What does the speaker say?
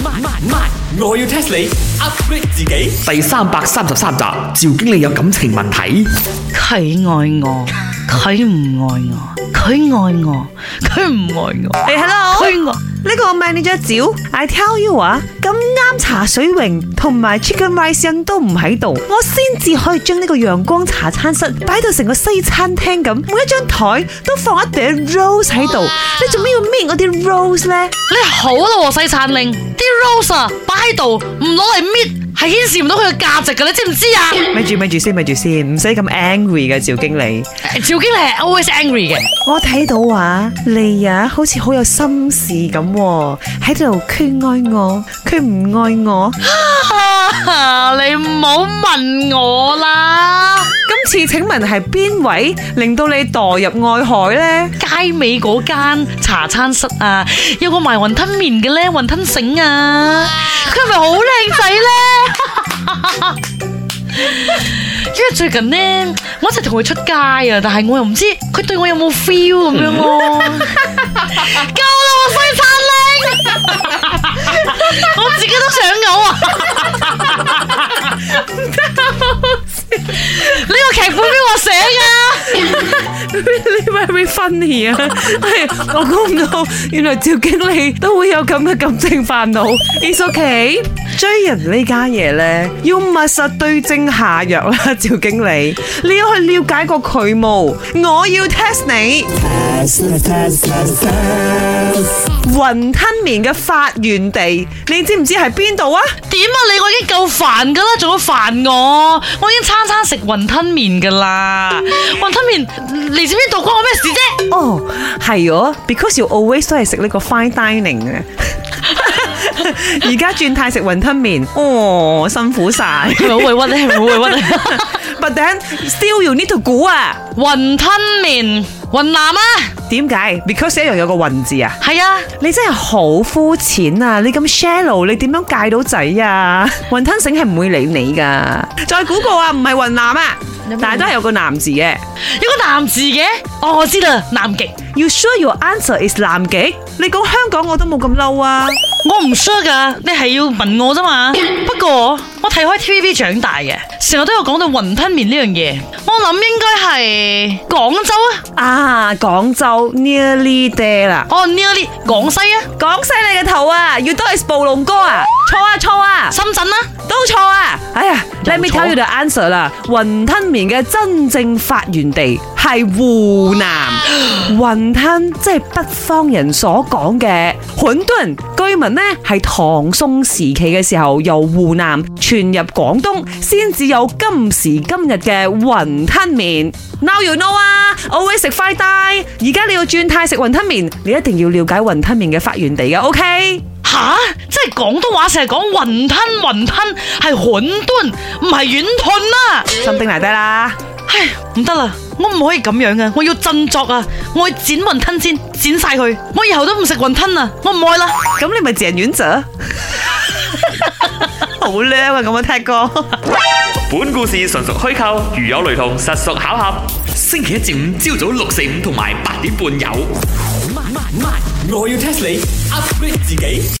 My, my. 我要 test 你 upgrade 自己。第三百三十三集，趙經理有感情問題。佢愛我，佢唔愛我。佢愛我，佢唔愛我。誒 Hey，hello 我。我呢個賣呢隻蕉？I tell you 啊，咁啱茶水榮同埋 chicken rice 都唔喺度，我先至可以將呢個陽光茶餐室擺到成個西餐廳咁，每一張台都放一朵 rose 喺度。Oh, yeah. 你做咩要搣我啲 rose 咧？你好啊，西餐令。擺喺度唔攞嚟搣，係顯示唔到佢嘅價值噶，你知唔知啊？咪住咪住先，咪住先，唔使咁 angry 嘅，趙經理。趙經理係 always angry 嘅。我睇到話，你啊，好似好有心事咁，喺度佢愛我，佢唔愛我。 你唔好問我。請問係邊位令到你墮入愛海呢？街尾嗰間茶餐室啊，有個賣雲吞麵嘅咧，雲吞醒啊，佢係咪好靚仔呢？ 因為最近呢，我一直同佢出街啊，但係我又唔知佢對我有冇 feel 咁樣咯、嗯。夠啦， 我衰差你， 我自己都想嘔啊！ 你咪咪 funny 啊！哎呀，我估唔到，原來趙經理都會有咁嘅感情煩惱。It's okay. 追人呢家嘢呢，要密實對症下藥啦，趙經理，你要去了解個佢冇？我要 test 你。雲吞麵嘅發源地，你知唔知喺邊度啊？點啊你，我已經夠煩噶啦，仲要煩我，我已經餐餐食雲吞麵噶啦。雲吞麵嚟自邊度關我咩事啫？哦、oh，係哦，Because you always 都係食呢個 fine dining 嘅。而家轉態食雲吞麵，哦，辛苦晒，好委屈你，好委屈你。But then, still you need to guess 啊，雲吞麵，雲南啊？點解？Because 一樣有個雲字啊。係啊，你真係好膚淺啊！你咁 shallow，你點樣戒到仔啊？雲吞醒係唔會理你噶。再估過啊，唔係雲南啊，但係都係有個南字嘅，有個南字嘅。哦，我知道，南極。You sure your answer is 南極？你講香港我都冇咁嬲啊。我唔 sure 㗎你係要問我咋嘛？ 不過我睇開 TVB 長大嘅，成日都有講到雲吞麵呢樣嘢，我諗應該係廣州啊，啊廣州 nearly dead 啦，哦 nearly 廣西啊，廣西你嘅頭啊，you do 要多謝暴龍哥啊，錯啊錯啊，深圳啊，啊都錯啊，哎呀。Let me tell you the answer 啦，雲吞麵嘅真正發源地係湖南。雲吞即係北方人所講嘅餛飩，居民呢係唐宋時期嘅時候由湖南傳入廣東，先至有今時今日嘅雲吞麵。Now you know 啊，我會食快帶，而家你要轉態食雲吞麵，你一定要了解雲吞麵嘅發源地嘅，OK？吓，即係廣東話成日講雲吞雲吞係餛飩，唔係軟吞啦。心定嚟低啦，唉，唔得啦，我唔可以咁樣嘅，我要振作啊！我去剪雲吞先，剪晒佢，我以後都唔食雲吞啦，我唔愛啦。咁你咪鄭軟咋？ 好叻啊！咁樣踢歌。本故事純屬虛構，如有雷同，實屬巧合。星期一至五朝早六四五同埋八點半有。我要 test 你 upgrade 自己。